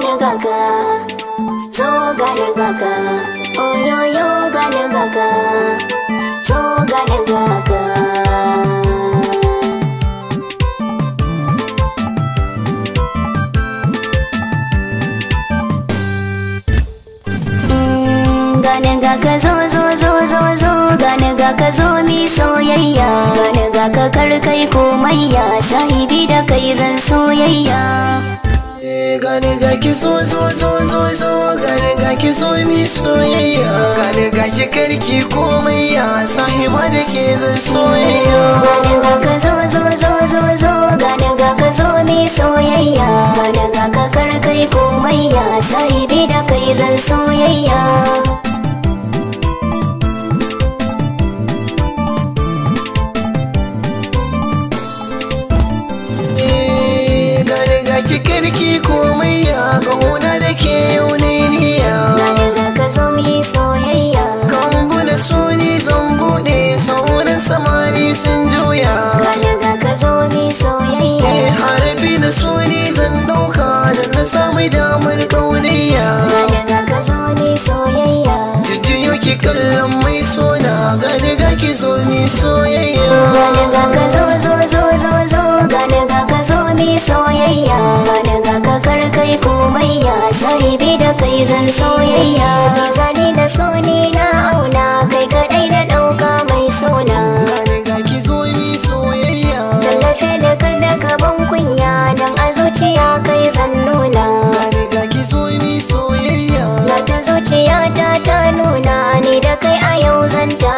gaga zo gare gaga oyoyo gare gaga zo gare gaga Gane gaka zo zo zo zo zo gane gaka zo mi soyayya gane gaka kar kai komai ya sahibi da kai zan soyayya Kaniga ki so so so so so Kaniga ki so mi soyayya Kaniga ki karki komai ya Sahiba da ke zan soyayya Kaniga ka so so so so so Kaniga ka so mi soyayya Kaniga ka karkai komai ya Sahibi da kai zan soyayya ki kirki komai ya kauna da ke yau ne niya ka zo mi soyayya kan suni zan bude sauran samani sun juya ka zo mi soyayya eh harfi na suni zan dauka da na samu damar kauniya ka zo mi soyayya jijiyo ki kallon mai sona ga riga ki zo mi soyayya sahibi da kai zan soyayya zani da so ni na auna kai kadai na dauka mai sona ga ki zo ni soyayya tallafe da kar da gaban kunya dan a zuciya kai zan nuna ga ki zo ni soyayya na ta zuciya ta ta nuna ni da kai a yau zan ta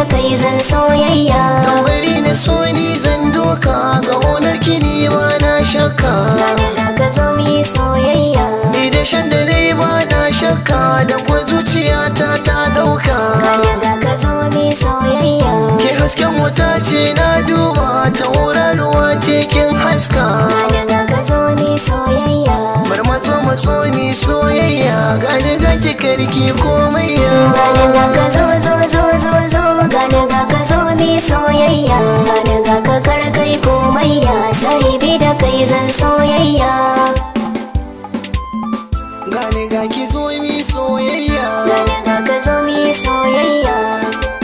da kai zan soyayya tambari na so ni zan doka ga onar kini ba na shakka ka zo mu soyayya ni da shan da ne ba na shakka da kwa zuciyata ta dauka ga zo mu soyayya ke hasken wuta ce na duba ta horarwa ce kin haska ga zo mu soyayya marmatso matso mi soyayya gani ga ki karki komai ya ga ka zo zan soyayya Gane ga ki zo mi soyayya Gane ga ka zo mi soyayya